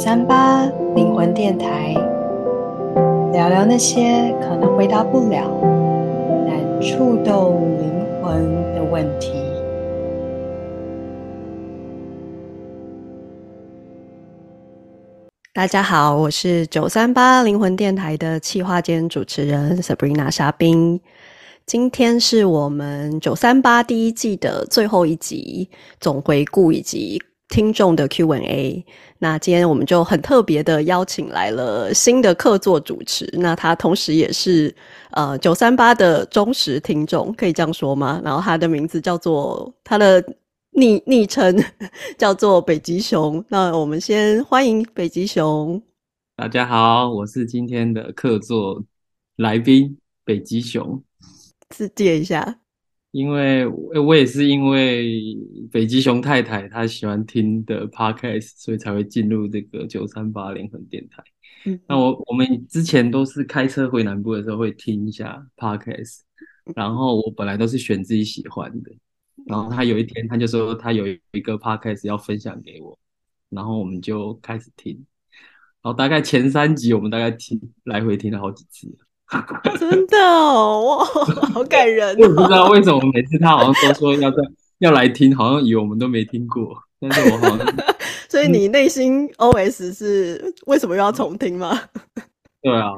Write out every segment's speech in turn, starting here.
九三八靈魂電臺，聊聊那些可能回答不了但觸動靈魂的問題。大家好，我是九三八靈魂電臺的企劃兼主持人 Sabrina 莎賓。今天是我們九三八第一季的最後一集總回顧以及聽眾的 Q&A，那今天我們就很特別的邀請來了新的客座主持，那他同時也是呃九三八的忠實聽眾，可以這樣說嗎？然後他的名字叫做他的昵昵稱 叫做北極熊，那我們先歡迎北極熊。大家好，我是今天的客座來賓北極熊，自介一下。因為誒，我也是因為北極熊太太她喜歡聽的 podcast，所以才會進入這個938靈魂電台。那我我們之前都是開車回南部的時候會聽一下 podcast，然後我本來都是選自己喜歡的，然後他有一天他就說他有一個 podcast 要分享給我，然後我們就開始聽，然後大概前三集我們大概聽來回聽了好幾次。哦、真的哦，我好感人、哦。我不 知道為什麼每次他好像都說,說要這樣 要來聽，好像以為我們都沒聽過，但是我好像…… 所以你內心 OS 是為什麼又要重聽嗎？ 對啊，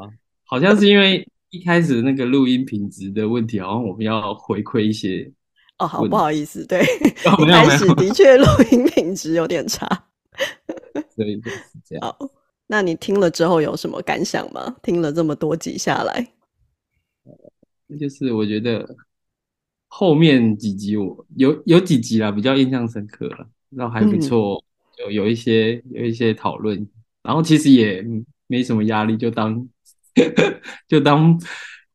好像是因為一開始那個錄音品質的問題，好像我們要回饋一些哦，好不好意思？對，哦、一開始的確錄音品質有點差， 所以就是這樣。那你聽了之後有什麼感想嗎？聽了這麼多集下來，那就是我覺得後面幾集我有有幾集啦，比較印象深刻，然後還不錯，有、嗯、有一些有一些討論，然後其實也沒什麼壓力，就當 就當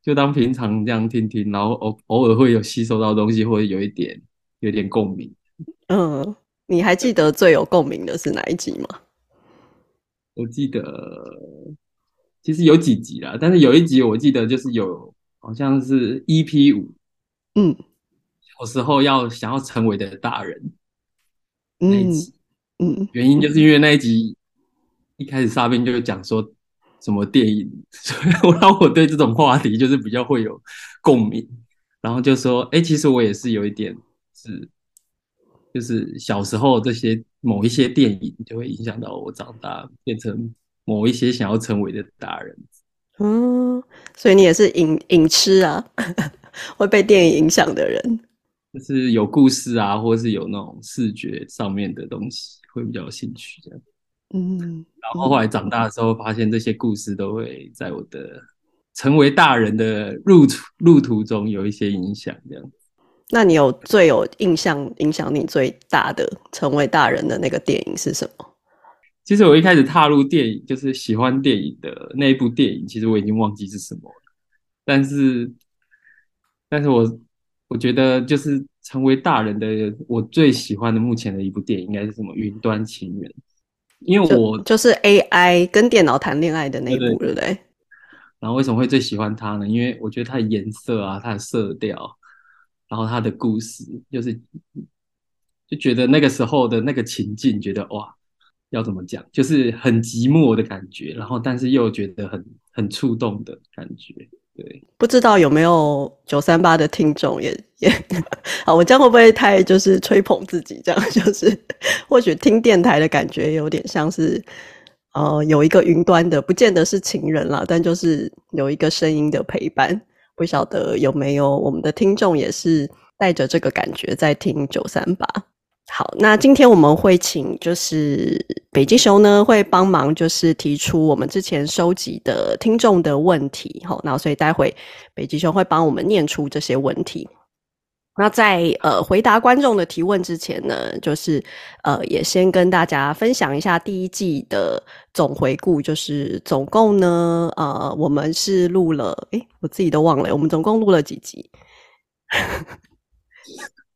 就當平常這樣聽聽，然後偶偶爾會有吸收到東西，或者有一點有點共鳴。嗯，你還記得最有共鳴的是哪一集嗎？我記得其實有幾集了，但是有一集我記得就是有好像是 EP 五。嗯，小時候要想要成為的大人那一集，嗯，嗯，原因就是因為那一集一開始莎賓就講說什麼電影，所以讓我對這種話題就是比較會有共鳴，然後就說，哎、欸，其實我也是有一點是，就是小時候這些。某一些電影就會影響到我長大，變成某一些想要成為的大人。嗯，所以你也是影影痴啊，呵呵，會被電影影響的人，就是有故事啊，或是有那種視覺上面的東西會比較有興趣這樣。嗯，嗯，然後後來長大的時候，發現這些故事都會在我的成為大人的路途路途中有一些影響這樣。那你有最有印象、影響你最大的成為大人的那個電影是什麼？其實我一開始踏入電影，就是喜歡電影的那一部電影，其實我已經忘記是什麼了。但是，但是我我覺得，就是成為大人的我最喜歡的目前的一部電影，應該是什麼？《雲端情人》。因為我就，就是 AI 跟電腦談戀愛的那一部，對不對？對。然後為什麼會最喜歡它呢？因為我覺得它的顏色啊，它的色調。然後他的故事，就是就覺得那個時候的那個情境，覺得哇，要怎麼講，就是很寂寞的感覺。然後，但是又覺得很很觸動的感覺。對，不知道有沒有九三八的聽眾也也，好，我這樣會不會太就是吹捧自己？這樣就是或許聽電台的感覺有點像是呃有一個雲端的，不見得是情人啦，但就是有一個聲音的陪伴。不曉得有沒有我們的聽眾也是帶着這個感覺在聽938。好，那今天我們會請就是北極熊呢，會幫忙就是提出我們之前收集的聽眾的問題。好，那所以待會北極熊會幫我們念出這些問題。那在呃回答觀眾的提問之前呢，就是呃也先跟大家分享一下第一季的總回顧，就是總共呢、呃、我們是錄了、欸、我自己都忘了，我們總共錄了幾集？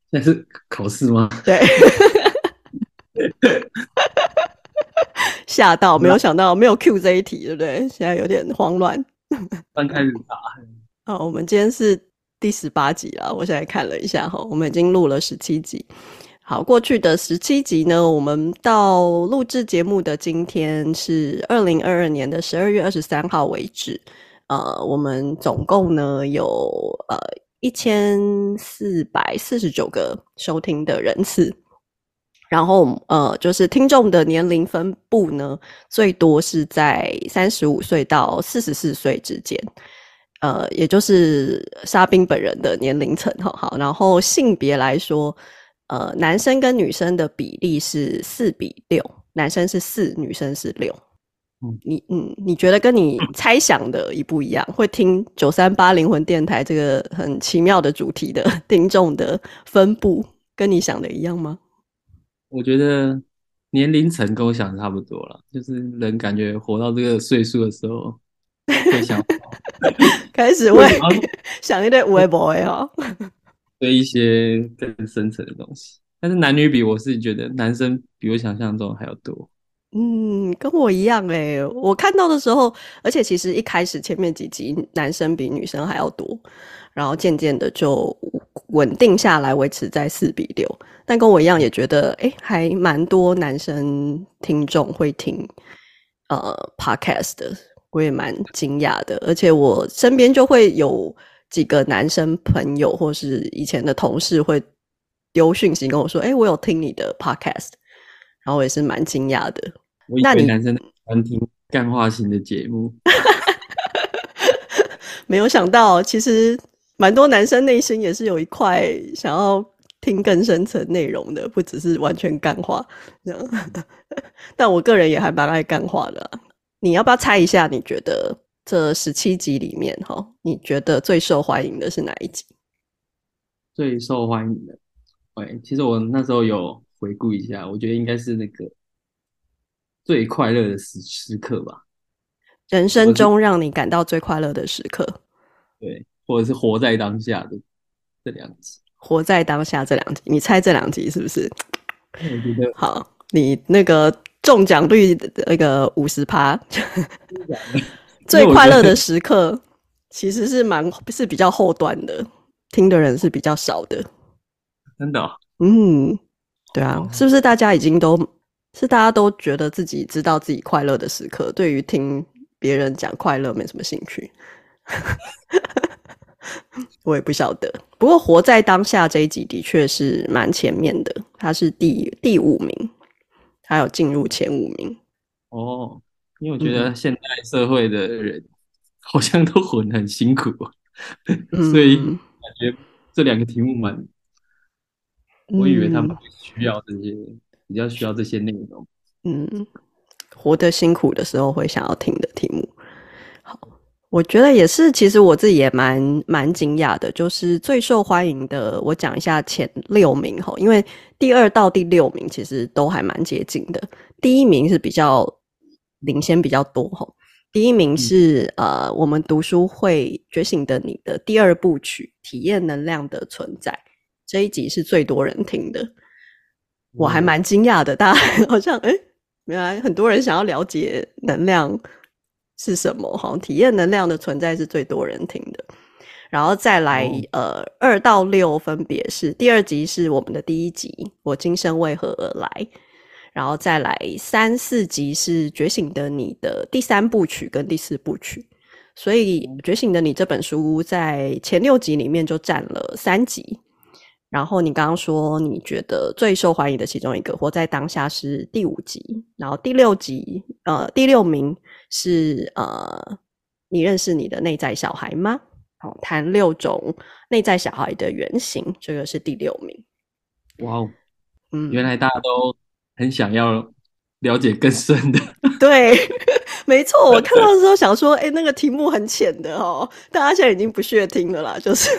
那是考試嗎？對，嚇到，沒有想到沒有 Q 這一題，對不對？現在有點慌亂，翻開始答。哦，我們今天是。第十八集了，我現在看了一下，我們已經錄了十七集。好，過去的十七集呢，我們到錄制節目的今天是二零二二年的十二月二十三號為止。呃，我們總共呢有呃一千四百四十九個收聽的人次，然後呃，就是聽眾的年齡分布呢，最多是在三十五歲到四十四歲之間。呃，也就是莎賓本人的年齡層，好，然後性別來說，呃，男生跟女生的比例是四比六，男生是四，女生是六。嗯，你嗯，你覺得跟你猜想的一不一樣？嗯、會聽九三八靈魂電台這個很奇妙的主題的聽眾的分布，跟你想的一樣嗎？我覺得年齡層跟我想的差不多了，就是人感覺活到這個歲數的時候會想。 開始會、哦、 想一些有的沒的哦，對一些更深層的東西。但是男女比，我是覺得男生比我想象中還要多。嗯，跟我一樣哎，我看到的時候，而且其實一開始前面幾集男生比女生還要多，然後漸漸的就穩定下來，維持在四比六。但跟我一樣，也覺得哎、欸，還蠻多男生聽眾會聽呃 podcast 的。我也蠻驚訝的，而且我身邊就會有幾個男生朋友，或是以前的同事會丟訊息跟我說：“誒、欸、我有聽你的 Podcast。”然後我也是蠻驚訝的。我以為男生喜歡聽幹話型的節目，那你 沒有想到，其實蠻多男生內心也是有一塊想要聽更深層內容的，不只是完全幹話。這樣 但我個人也還蠻愛幹話的、啊。你要不要猜一下？你覺得這十七集裡面，哦，哈，你覺得最受歡迎的是哪一集？最受歡迎的，哎，欸，其實我那時候有回顧一下，我覺得應該是那個最快樂的時時刻吧。人生中讓你感到最快樂的時刻，對，或者是活在當下的這兩集。活在當下這兩集，你猜這兩集是不是？我覺得好，你那個。中獎率的那個五十趴，最快樂的時刻其實是蠻是比較後段的，聽的人是比較少的。真的？嗯，對啊，是不是大家已經都是大家都覺得自己知道自己快樂的時刻，對於聽別人講快樂沒什麼興趣？ 我也不曉得。不過活在當下這一集的確是蠻前面的，他是第第五名。他有進入前五名哦，因為我覺得現代社會的人好像都活得很,很辛苦，嗯、 所以感覺這兩個題目蠻，我以為他們需要這些，嗯、比較需要這些內容，嗯，活得辛苦的時候會想要聽的題目。好，我覺得也是，其實我自己也蠻蠻驚訝的，就是最受歡迎的，我講一下前六名吼，因為。第二到第六名其實都還蠻接近的，第一名是比較領先比較多。第一名是、嗯、呃，我們讀書會《覺醒的你》的第二部曲《體驗能量的存在》，這一集是最多人聽的，我還蠻驚訝的，嗯、大家好像哎，原來很多人想要了解能量是什麼，體驗能量的存在是最多人聽的。然後再來，呃，二到六分別是第二集是我們的第一集，我今生為何而來？然後再來三四集是《覺醒的你》的第三部曲跟第四部曲，所以《覺醒的你》這本書在前六集裡面就佔了三集。然後你剛剛說你覺得最受歡迎的其中一個“活在當下”是第五集，然後第六集，呃，第六名是呃，你認識你的內在小孩嗎？談六種內在小孩的原型，這個是第六名。哇哦，嗯，原來大家都很想要了解更深的。 對，沒錯。我看到的時候想說，誒，那個題目很淺的哦，大家現在已經不屑聽了啦，就是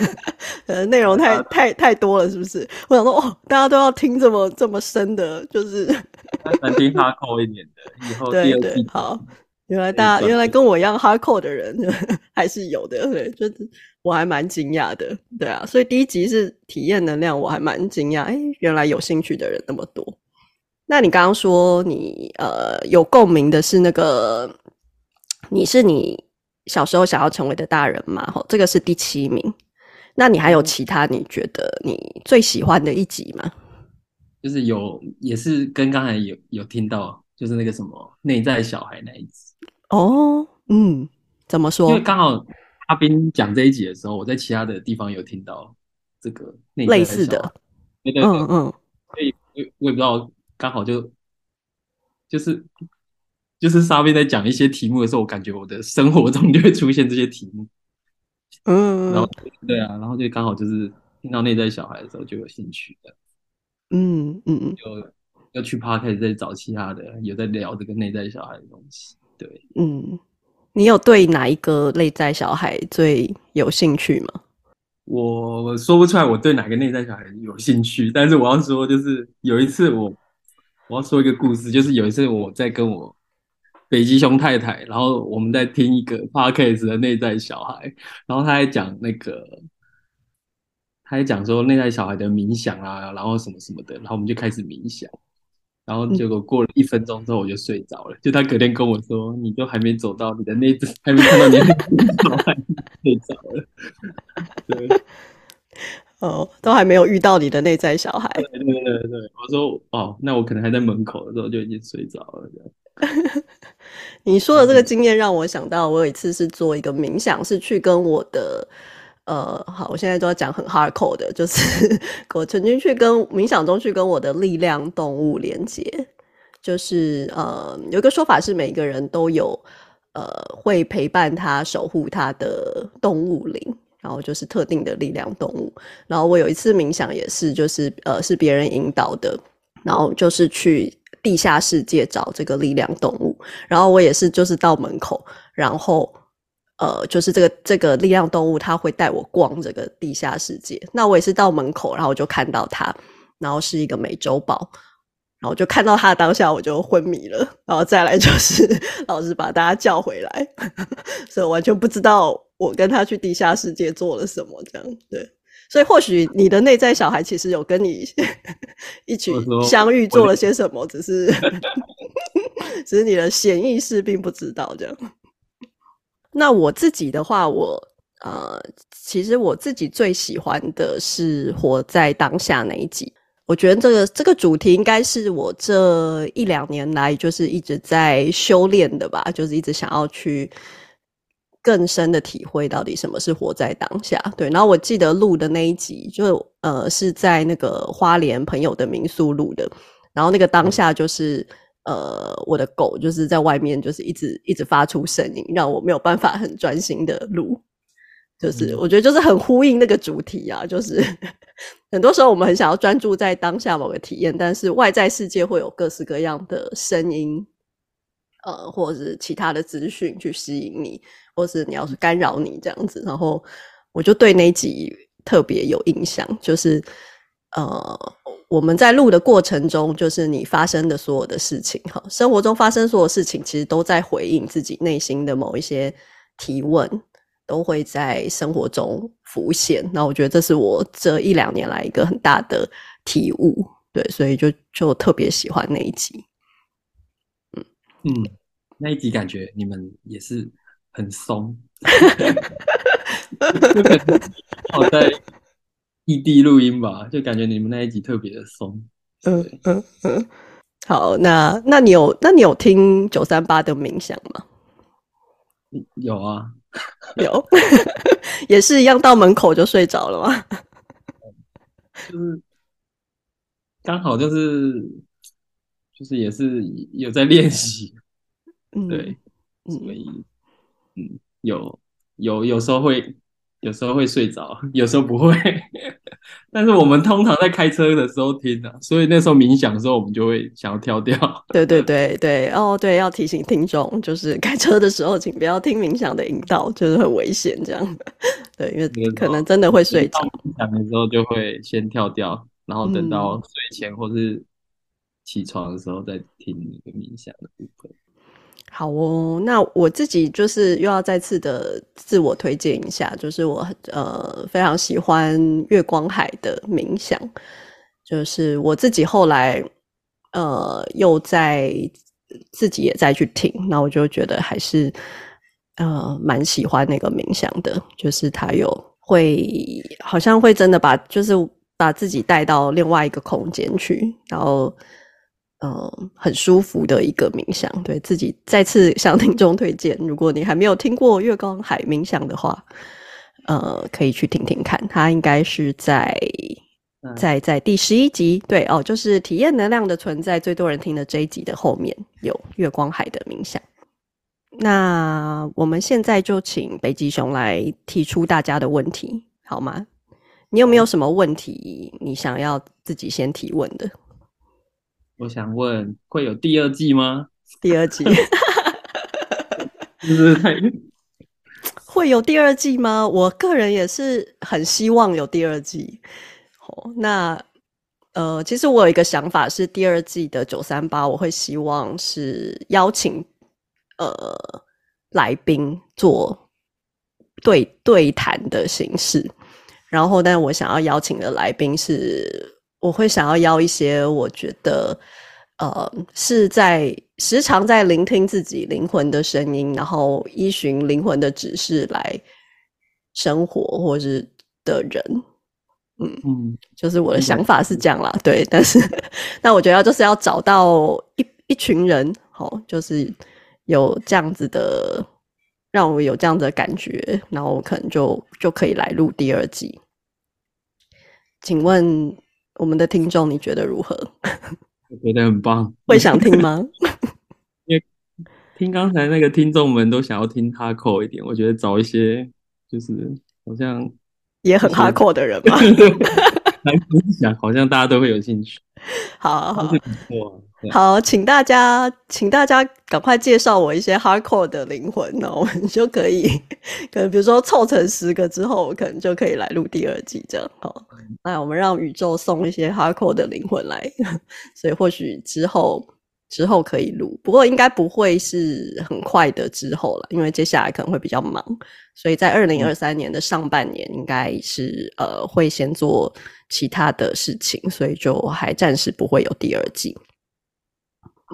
呃，內容太太太多了，是不是？我想說，哦，大家都要聽這麼這麼深的，就是。等聽他扣一點的，以後第二季好。原來大，原來跟我一樣 hardcore 的人還是有的，對，就是我還蠻驚訝的，對啊，所以第一集是體驗能量，我還蠻驚訝，哎，原來有興趣的人那麼多。那你剛剛說你呃有共鳴的是那個你是你小時候想要成為的大人嗎？吼，這個是第七名。那你還有其他你覺得你最喜歡的一集嗎？就是有也是跟剛才有有聽到，就是那個什麼內在小孩那一集。哦，oh, 嗯，怎麼說？因為剛好阿斌講這一集的時候，我在其他的地方有聽到這個內在類似的，嗯嗯，嗯，所以我也不知道，剛好就就是就是莎賓在講一些題目的時候，我感覺我的生活中就會出現這些題目，嗯，然後對啊，然後就剛好就是聽到內在小孩的時候就有興趣的、嗯，嗯嗯嗯，就要去 Podcast 再找其他的，有在聊這個內在小孩的東西。對，嗯，你有對哪一個內在小孩最有興趣嗎？我說不出來，我對哪個內在小孩有興趣。但是我要說，就是有一次我，我要說一個故事，就是有一次我在跟我北極熊太太，然後我們在聽一個 podcast 的內在小孩，然後他還講那個，他還講說內在小孩的冥想啊，然後什麼什麼的，然後我們就開始冥想。然後結果過了一分鐘之後我就睡着了，嗯、就他隔天跟我說，你都還沒走到你的內在， 還沒看到你的小孩 睡着了。對，哦，都還沒有遇到你的內在小孩。對對，對對對，我說哦，那我可能還在門口的時候就已經睡着了。 你說的這個經驗讓我想到，我有一次是做一個冥想，嗯、是去跟我的。呃，好，我現在都要講很 hardcore 的，就是 我曾經去跟冥想中去跟我的力量動物連接，就是呃，有一個說法是每一個人都有呃會陪伴他守護他的動物靈，然後就是特定的力量動物。然後我有一次冥想也是，就是呃是別人引導的，然後就是去地下世界找這個力量動物，然後我也是就是到門口，然後。呃，就是這個這個力量動物，它會帶我逛這個地下世界。那我也是到門口，然後我就看到他，然後是一個美洲豹，然後就看到他當下我就昏迷了。然後再來就是老師把大家叫回來，呵呵，所以我完全不知道我跟他去地下世界做了什麼。這樣對，所以或許你的內在小孩其實有跟你 一起相遇，做了些什麼，說只是 只是你的潛意識並不知道這樣。那我自己的話，我呃，其實我自己最喜歡的是活在當下那一集。我覺得這個這個主題應該是我這一兩年來就是一直在修煉的吧，就是一直想要去更深的體會到底什麼是活在當下。對，然後我記得錄的那一集就，就是呃，是在那個花蓮朋友的民宿錄的，然後那個當下就是。呃，我的狗就是在外面，就是一直一直發出聲音，讓我沒有辦法很專心的錄。就是、嗯、我覺得就是很呼應那個主題啊，就是很多時候我們很想要專注在當下某個體驗，但是外在世界會有各式各樣的聲音，呃，或者是其他的資訊去吸引你，或是你要是干擾你這樣子，然後我就對那集特別有印象，就是呃。我們在錄的過程中，就是你發生的所有的事情，哈，生活中發生所有的事情，其實都在回應自己內心的某一些提問，都會在生活中浮現。那我覺得這是我這一兩年來一個很大的體悟，對，所以就就特別喜歡那一集。嗯嗯，那一集感覺你們也是很鬆，哈好在。異地錄音吧，就感覺你們那一集特別的鬆，嗯。嗯嗯嗯，好，那那你有那你有聽九三八的冥想嗎？嗯、有啊，有， 也是一樣，到門口就睡着了嗎？就是剛好就是就是也是有在練習，嗯、對，嗯嗯嗯，有有有時候會。有時候會睡着，有時候不會。但是我們通常在開車的時候聽的，啊，所以那時候冥想的時候，我們就會想要跳掉。對對對對，對哦對，要提醒聽眾，就是開車的時候請不要聽冥想的引導，就是很危險這樣的。對，因為可能真的會睡着。冥想的時候就會先跳掉，然後等到睡前或是起床的時候再聽一個冥想的部分。好哦，那我自己就是又要再次的自我推薦一下，就是我呃非常喜歡月光海的冥想，就是我自己後來呃又在自己也再去聽，那我就覺得還是呃蠻喜歡那個冥想的，就是他有會好像會真的把就是把自己帶到另外一個空間去，然後。嗯、呃，很舒服的一個冥想，對，自己再次向聽眾推薦。如果你還沒有聽過月光海冥想的話，呃，可以去聽聽看。它應該是在在在，在第十一集，對哦，就是體驗能量的存在，最多人聽的這一集的後面有月光海的冥想。那我們現在就請北極熊來提出大家的問題，好嗎？你有沒有什麼問題？你想要自己先提問的？我想問，會有第二季嗎？第二季是不是太會有第二季嗎？我個人也是很希望有第二季。哦、oh，那呃，其實我有一個想法是，第二季的九三八，我會希望是邀請呃來賓做對對談的形式。然後，但我想要邀請的來賓是。我會想要邀一些我覺得，呃，是在時常在聆聽自己靈魂的聲音，然後依循靈魂的指示來生活，或是的人，嗯嗯，就是我的想法是這樣啦。嗯、對。但是，那我覺得就是要找到一,一群人，好、哦，就是有這樣子的，讓我有這樣子的感覺，然後我可能就就可以來錄第二季。請問？我們的聽眾，你覺得如何？我覺得很棒， 會想聽嗎？因為聽剛才那個聽眾們都想要聽 hardcore 一點，我覺得找一些就是好像也很 hardcore 的人嘛，來分享，好像大家都會有興趣。好，好好。好，請大家，請大家趕快介紹我一些 hardcore 的靈魂，那我們就可以，可能比如說湊成十個之後，我可能就可以來錄第二季這樣。哦，那我們讓宇宙送一些 hardcore 的靈魂來，所以或許之後之後可以錄，不過應該不會是很快的之後了，因為接下來可能會比較忙，所以在二零二三年的上半年應該是呃會先做其他的事情，所以就還暫時不會有第二季。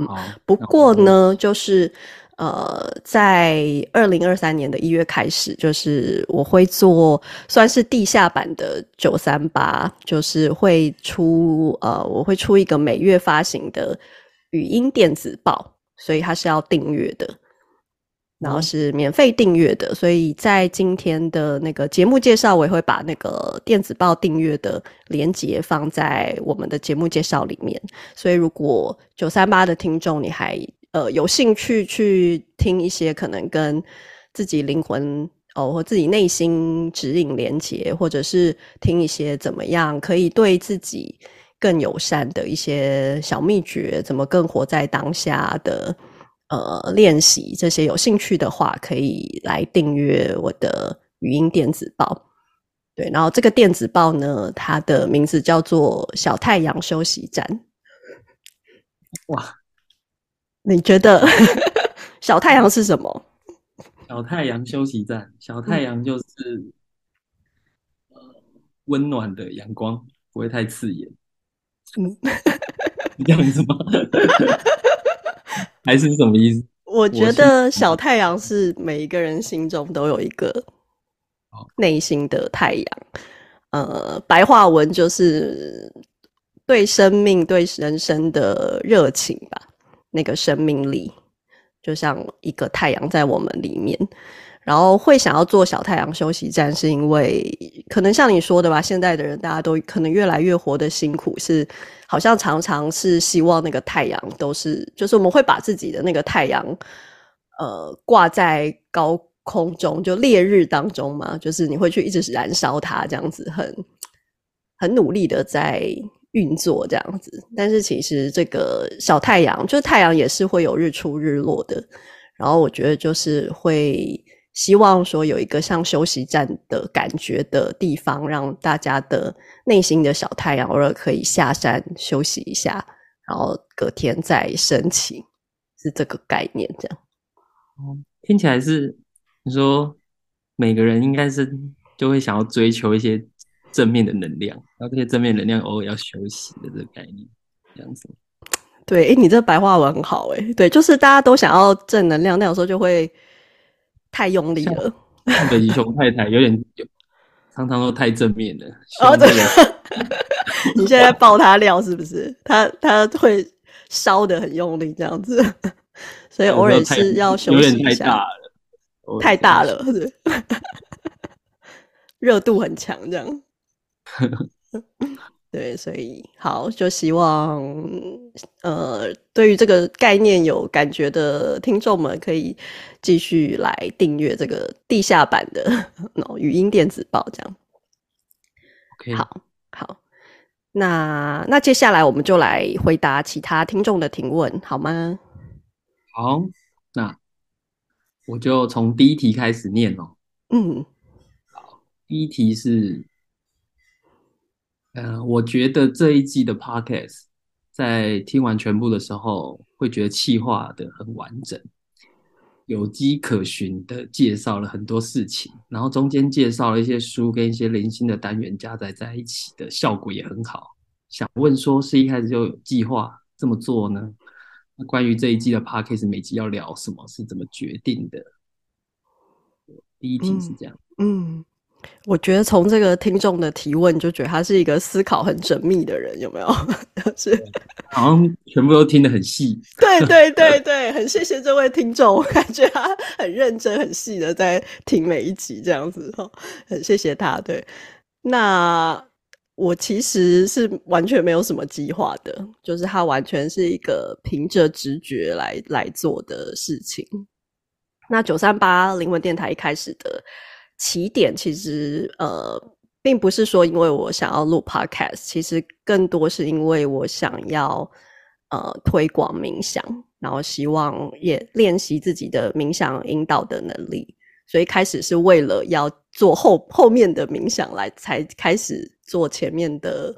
嗯、不過呢，嗯、就是，呃，在二零二三年的一月開始，就是我會做算是地下版的九三八，就是會出呃，我會出一個每月發行的語音電子報，所以它是要訂閱的。然後是免費訂閱的，嗯，所以在今天的那個節目介紹，我也會把那個電子報訂閱的連接放在我們的節目介紹裡面。所以，如果九三八的聽眾你還呃有興趣去聽一些可能跟自己靈魂哦或自己內心指引連接，或者是聽一些怎麼樣可以對自己更友善的一些小秘訣，怎麼更活在當下的。呃，練習這些有興趣的話，可以來訂閱我的語音電子報。對，然後這個電子報呢，它的名字叫做《小太陽休息站》。哇，你覺得 小太陽是什麼？小太陽休息站，小太陽就是、嗯呃、溫暖的陽光，不會太刺眼。嗯， 你這樣子嗎？ 還是什麼意思？我覺得小太陽是每一個人心中都有一個內心的太陽，哦、呃，白話文就是對生命、對人生的熱情吧，那個生命力就像一個太陽在我們裡面。然後會想要做小太陽休息站，是因為可能像你說的吧，現在的人大家都可能越來越活得辛苦，是好像常常是希望那個太陽都是，就是我們會把自己的那個太陽，呃，掛在高空中，就烈日當中嘛。就是你會去一直燃燒它，這樣子很很努力的在運作這樣子。但是其實這個小太陽，就是太陽也是會有日出日落的。然後我覺得就是會。希望說有一個像休息站的感覺的地方，讓大家的內心的小太陽偶爾可以下山休息一下，然後隔天再升起，是這個概念，這樣。嗯，聽起來是你說每個人應該是就會想要追求一些正面的能量，然後這些正面能量偶爾要休息的這個概念，這樣子。對，哎，你這白話文很好哎，對，就是大家都想要正能量，那有時候就會。太用力了，北極熊太太有點 常常都太正面了。哦對， 你現在爆他料是不是？他他會燒得很用力這樣子， 所以偶爾是要休息一下，太，有點太大了，太大了，大了 熱度很強這樣。 對，所以好，就希望呃，對於這個概念有感覺的聽眾們，可以繼續來訂閱這個地下版的語音電子報，這樣。OK，好，好，那那接下來我們就來回答其他聽眾的提問，好嗎？好，那我就從第一題開始念哦。嗯，好，第一題是。呃，uh, 我覺得這一季的 podcast 在聽完全部的時候，會覺得企劃的很完整，有跡可循的介紹了很多事情，然後中間介紹了一些書跟一些零星的單元加載在一起的效果也很好。想問說是一開始就有計劃這麼做呢？那關於這一季的 podcast 每集要聊什麼，是怎麼決定的？第一題是這樣，嗯。嗯我覺得從這個聽眾的提問，就覺得他是一個思考很縝密的人，有沒有？是 好像全部都聽得很細。 對對對對，很謝謝這位聽眾， 我感覺他很認真、很細的在聽每一集這樣子，很謝謝他。對，那我其實是完全沒有什麼計劃的，就是他完全是一個憑着直覺來來做的事情。那九三八靈魂電台一開始的。起點其實呃，並不是說因為我想要錄 podcast，其實更多是因為我想要呃推廣冥想，然後希望也練習自己的冥想引導的能力，所以開始是為了要做後後面的冥想來，才開始做前面的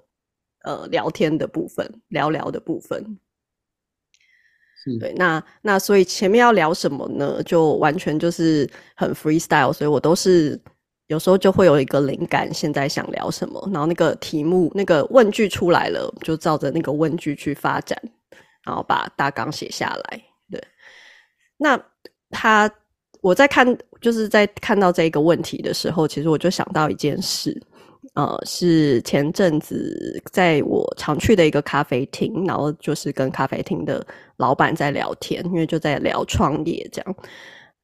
呃聊天的部分，聊聊的部分。對，那那所以前面要聊什麼呢？就完全就是很 freestyle，所以我都是有時候就會有一個靈感，現在想聊什麼，然後那個題目、那個問句出來了，就照着那個問句去發展，然後把大綱寫下來。對，那他我在看，就是在看到這個問題的時候，其實我就想到一件事，呃，是前陣子在我常去的一個咖啡廳，然後就是跟咖啡廳的。老板在聊天，因為就在聊創業這樣。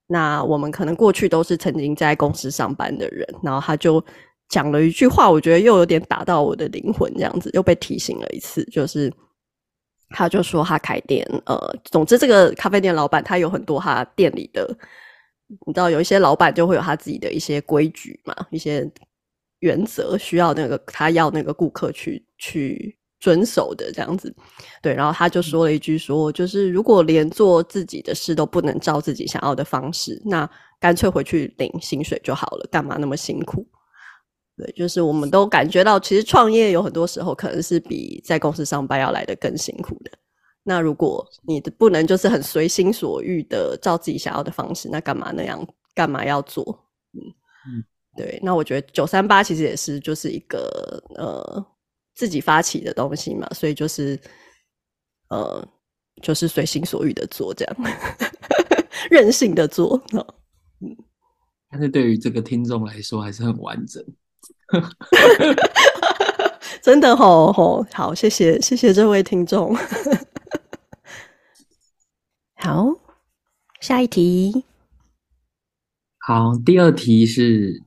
那我們可能過去都是曾經在公司上班的人，然後他就講了一句話，我覺得又有點打到我的靈魂，這樣子又被提醒了一次。就是他就說他開店，呃，總之這個咖啡店老板他有很多他店裡的，你知道有一些老板就會有他自己的一些規矩嘛，一些原則，需要那個他要那個顧客去去。遵守的，這樣子，對，然後他就說了一句說，說，嗯，就是如果連做自己的事都不能照自己想要的方式，那乾脆回去領薪水就好了，幹嘛那麼辛苦？對，就是我們都感覺到，其實創業有很多時候可能是比在公司上班要來得更辛苦的。那如果你不能就是很隨心所欲的照自己想要的方式，那幹嘛那樣幹嘛要做？嗯，嗯，對，那我覺得九三八其實也是就是一個呃。自己發起的東西嘛，所以就是，呃，就是隨心所欲的做這樣， 任性的做。嗯，但是對於這個聽眾來說還是很完整， 真的好、哦、吼、哦、好，謝謝謝謝這位聽眾， 好，下一題，好，第二題是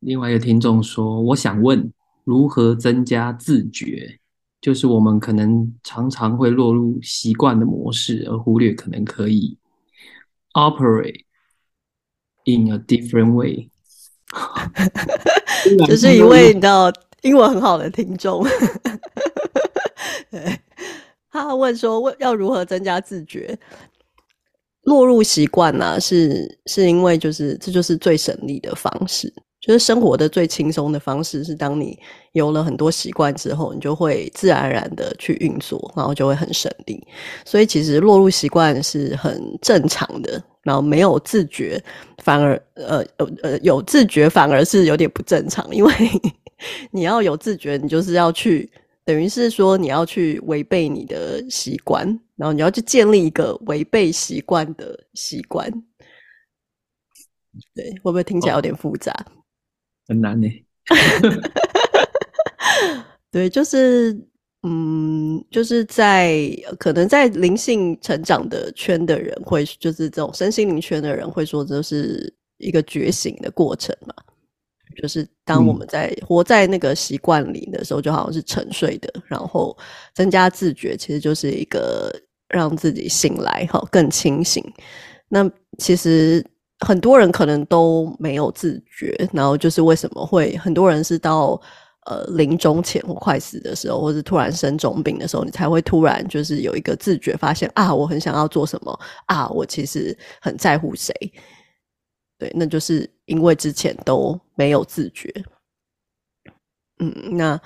另外一個聽眾說，我想問。如何增加自覺？就是我們可能常常會落入習慣的模式，而忽略可能可以 operate in a different way。這 是一位 你知道英文很好的聽眾， 他問說問：要如何增加自覺？落入習慣呢、啊？是是因為就是，這就是最省力的方式。就是生活的最輕鬆的方式是，當你有了很多習慣之後，你就會自然而然的去運作，然後就會很省力。所以其實落入習慣是很正常的，然後沒有自覺，反而呃呃呃有自覺反而是有點不正常，因為 你要有自覺，你就是要去，等於是說你要去違背你的習慣，然後你要去建立一個違背習慣的習慣，對，會不會聽起來有點複雜？Oh. 很難呢？欸， 對，就是，嗯，就是在可能在靈性成長的圈的人會，就是這種身心靈圈的人會說，這是一個覺醒的過程嘛。就是當我們在、嗯、活在那個習慣裡的時候，就好像是沉睡的。然後增加自覺，其實就是一個讓自己醒來，好更清醒。那其實。很多人可能都沒有自覺，然後就是為什麼會很多人是到呃臨終前或快死的時候，或是突然生重病的時候，你才會突然就是有一個自覺，發現啊，我很想要做什麼啊，我其實很在乎誰。對，那就是因為之前都沒有自覺。嗯，那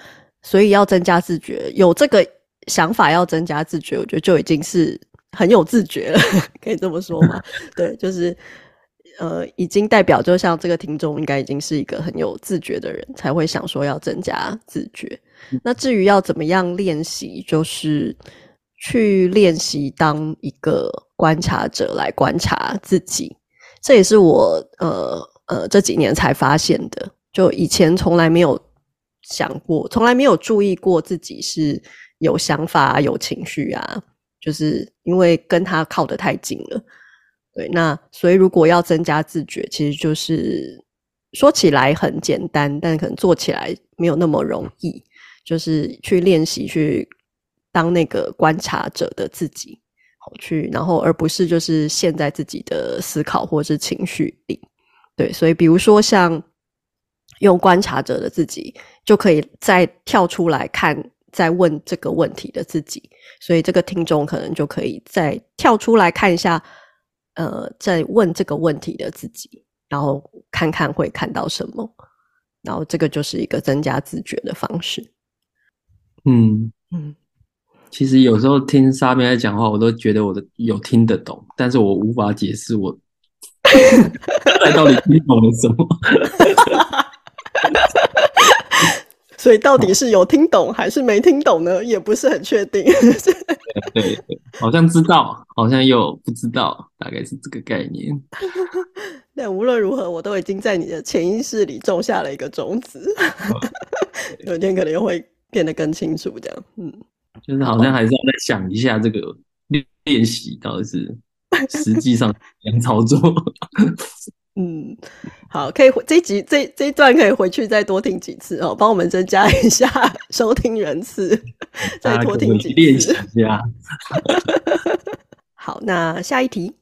所以要增加自覺，有這個想法要增加自覺，我覺得就已經是很有自覺了， 可以這麼說嗎？ 對，就是。呃，已經代表，就像這個聽眾，應該已經是一個很有自覺的人，才會想說要增加自覺。嗯、那至於要怎麼樣練習，就是去練習當一個觀察者來觀察自己。這也是我呃呃這幾年才發現的，就以前從來沒有想過，從來沒有注意過自己是有想法啊，有情緒啊，就是因為跟他靠得太近了。對，那所以如果要增加自覺，其實就是說起來很簡單，但可能做起來沒有那麼容易。就是去練習，去當那個觀察者的自己，去，然後而不是就是陷在自己的思考或是情緒裡。對，所以比如說像用觀察者的自己，就可以再跳出來看，再問這個問題的自己，所以這個聽眾可能就可以再跳出來看一下。呃，在問這個問題的自己，然後看看會看到什麼，然後這個就是一個增加自覺的方式。嗯嗯，嗯，其實有時候聽莎賓講話，我都覺得我的有聽得懂，但是我無法解釋我 到底聽懂了什麼？ 所以到底是有聽懂還是沒聽懂呢？啊、也不是很確定。對，對，對，好像知道，好像又不知道，大概是這個概念。但無論如何，我都已經在你的潛意識裡種下了一個種子，啊、 有天可能又會變得更清楚。這樣，嗯，就是好像還是要再想一下這個練習到底是實際上怎麼操作。 嗯，好，可以回這集這一這一段可以回去再多聽幾次哦，幫我們增加一下收聽人次，再多聽幾次。 好，那下一題，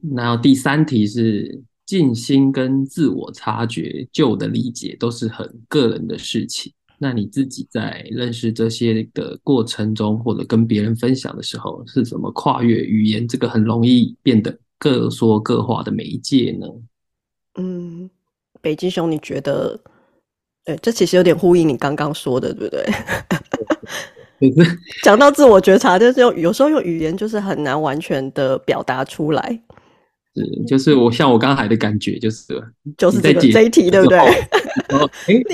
那第三題是靜心跟自我察覺，就我的理解都是很個人的事情。那你自己在認識這些的過程中，或者跟別人分享的時候，是怎麼跨越語言？這個很容易變得。各說各話的媒介呢？嗯，北極熊，你覺得？哎，這其實有點呼應你剛剛說的，對不對？對對 講到自我覺察，就是用有，有時候用語言就是很難完全的表達出來。是，就是我像我剛才的感覺，就是、嗯、就是這個這一題，對不對？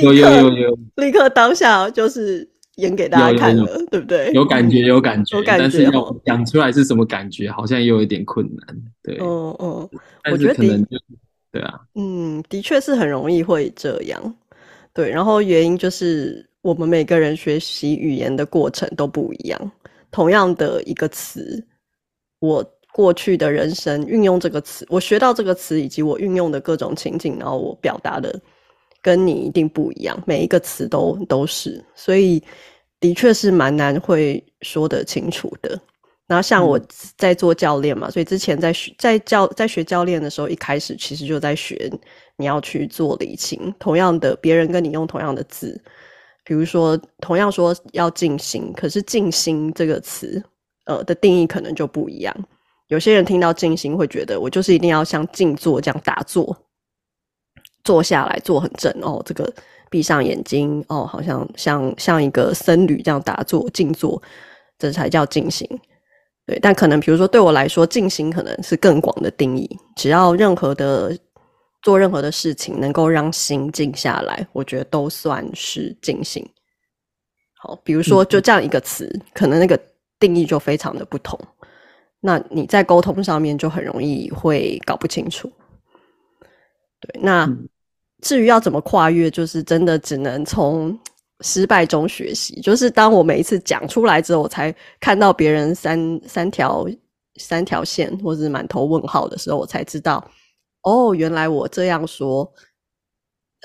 有有有有，立刻當下就是。演給大家看的，有有有有對不對？有感，有感覺， 有感覺，但是要講出來是什麼感覺，好像也有一點困難。對，嗯嗯、哦哦，是我覺得可能就對啊。嗯，的確是很容易會這樣。對，然後原因就是我們每個人學習語言的過程都不一樣。同樣的一個詞，我過去的人生運用這個詞，我學到這個詞，以及我運用的各種情景，然後我表達的。跟你一定不一樣，每一個詞都都是，所以的確是蠻難會說得清楚的。然後像我在做教練嘛，嗯、所以之前在學、在教、在學教練的時候，一開始其實就在學你要去做理清。同樣的，別人跟你用同樣的字，比如說同樣說要靜心，可是“靜心”這個詞，呃的定義可能就不一樣。有些人聽到“靜心”會覺得，我就是一定要像靜坐這樣打坐。坐下來，坐很正哦，這個閉上眼睛哦，好像像像一個僧侶這樣打坐靜坐，這才叫靜心。對，但可能比如說，對我來說，靜心可能是更廣的定義，只要任何的做任何的事情能夠讓心靜下來，我覺得都算是靜心。好，比如說就這樣一個詞，嗯、可能那個定義就非常的不同，那你在溝通上面就很容易會搞不清楚。對，那至於要怎麼跨越，就是真的只能從失敗中學習。就是當我每一次講出來之後，我才看到別人三三條，三條線，或是滿頭問號的時候，我才知道，哦，原來我這樣說，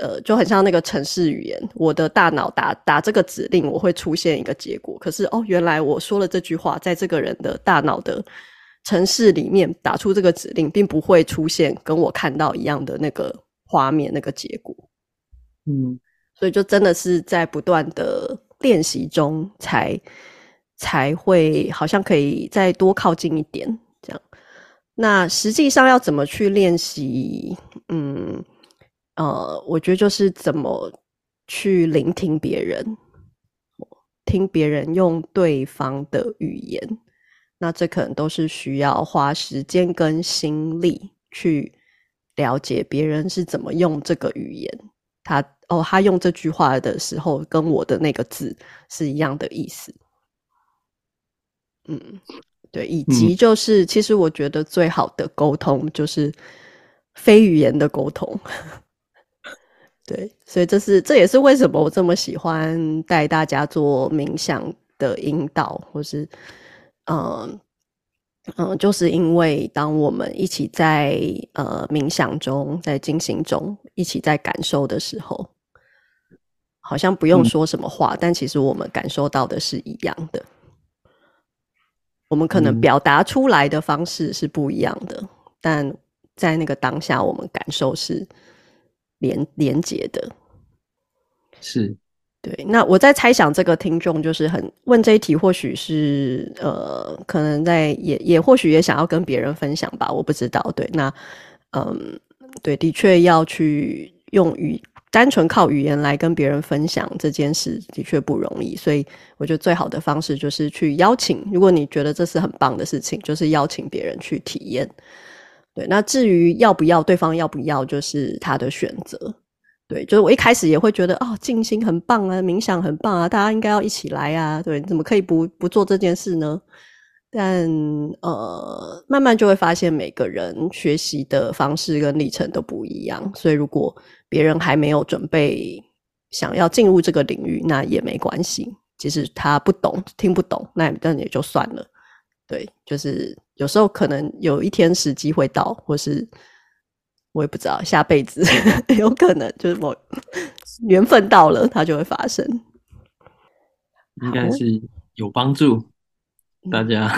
呃，就很像那個程式語言，我的大腦打打這個指令，我會出現一個結果。可是，哦，原來我說了這句話，在這個人的大腦的。城市裡面打出這個指令，並不會出現跟我看到一樣的那個畫面，那個結果。嗯，所以就真的是在不斷的練習中，才才會好像可以再多靠近一點這樣。那實際上要怎麼去練習？嗯，呃，我覺得就是怎麼去聆聽別人，聽別人用對方的語言。那這可能都是需要花時間跟心力去了解別人是怎麼用這個語言。他哦，他用這句話的時候，跟我的那個字是一樣的意思。嗯，對，以及就是，嗯，其實我覺得最好的溝通就是非語言的溝通。 對，所以這是這也是為什麼我這麼喜歡帶大家做冥想的引導，或是。嗯嗯，就是因為當我們一起在呃冥想中，在靜心中，一起在感受的時候，好像不用說什麼話，嗯、但其實我們感受到的是一樣的。我們可能表達出來的方式是不一樣的，嗯、但在那個當下，我們感受是連連接的，是。對，那我在猜想，這個聽眾就是很問這一題，或許是呃，可能在也也或許也想要跟別人分享吧，我不知道。對，那嗯，對，的確要去用語，單純靠語言來跟別人分享這件事的確不容易，所以我覺得最好的方式就是去邀請。如果你覺得這是很棒的事情，就是邀請別人去體驗。對，那至於要不要對方要不要，就是他的選擇。對，就是我一開始也會覺得哦，靜心很棒啊，冥想很棒啊，大家應該要一起來啊，對，怎麼可以不不做這件事呢？但呃，慢慢就會發現每個人學習的方式跟歷程都不一樣，所以如果別人還沒有準備想要進入這個領域，那也沒關係，即使他不懂、聽不懂，那那也就算了。對，就是有時候可能有一天時機會到，或是我也不知道，下輩子有可能就是我緣分到了，它就會發生。應該是有幫助，好，大家，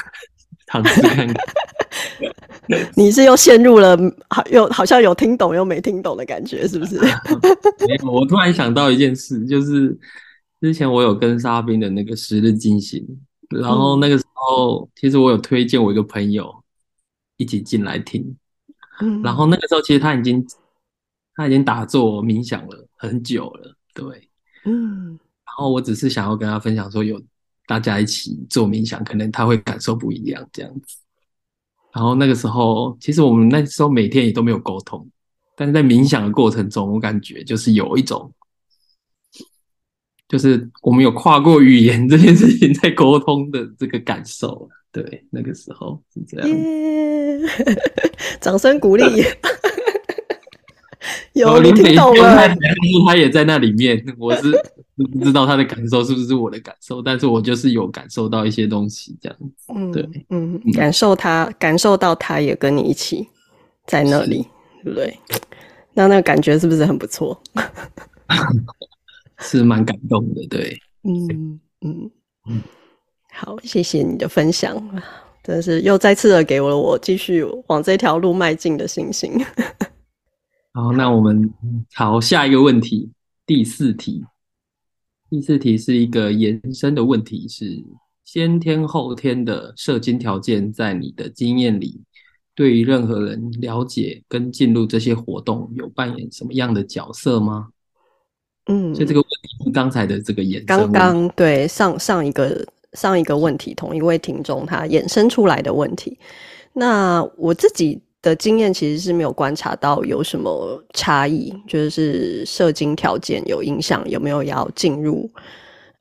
嗯、嘗試看看。你是又陷入了？好，又好像有聽懂又沒聽懂的感覺，是不是？沒有，我突然想到一件事，就是之前我有跟莎賓的那個《十日進行》，嗯，然後那個時候，其實我有推薦我一個朋友一起進來聽。嗯，然後那個時候其實他已經他已經打坐冥想了很久了，對，嗯，然後我只是想要跟他分享說有大家一起做冥想，可能他會感受不一樣這樣子。然後那個時候，其實我們那時候每天也都沒有溝通，但是在冥想的過程中，我感覺就是有一種。就是我們有跨過語言這件事情在溝通的這個感受，對，那個時候是這樣。Yeah 掌聲鼓勵。 有、哦、你聽懂了他，他也在那裡面。我是不知道他的感受是不是我的感受， 但是我就是有感受到一些東西這樣子。對，嗯，嗯嗯，感受他，感受到他也跟你一起在那裡，對是不對？那那個感覺是不是很不錯？ 是蠻感動的，對，嗯嗯嗯，是嗯好，謝謝你的分享，真的是又再次的給了我我繼續往這條路邁進的信心。 好，那我們好下一個問題，第四題，第四題是一個延伸的問題，是先天後天的社經條件，在你的經驗裡，對於任何人了解跟進入這些活動，有扮演什麼樣的角色嗎？嗯，所以這個問題從剛才的這個延伸，剛剛對上上一個上一個問題，同一位聽眾他衍生出來的問題。那我自己的經驗其實是沒有觀察到有什麼差異，就是社經條件有影響，有沒有要進入？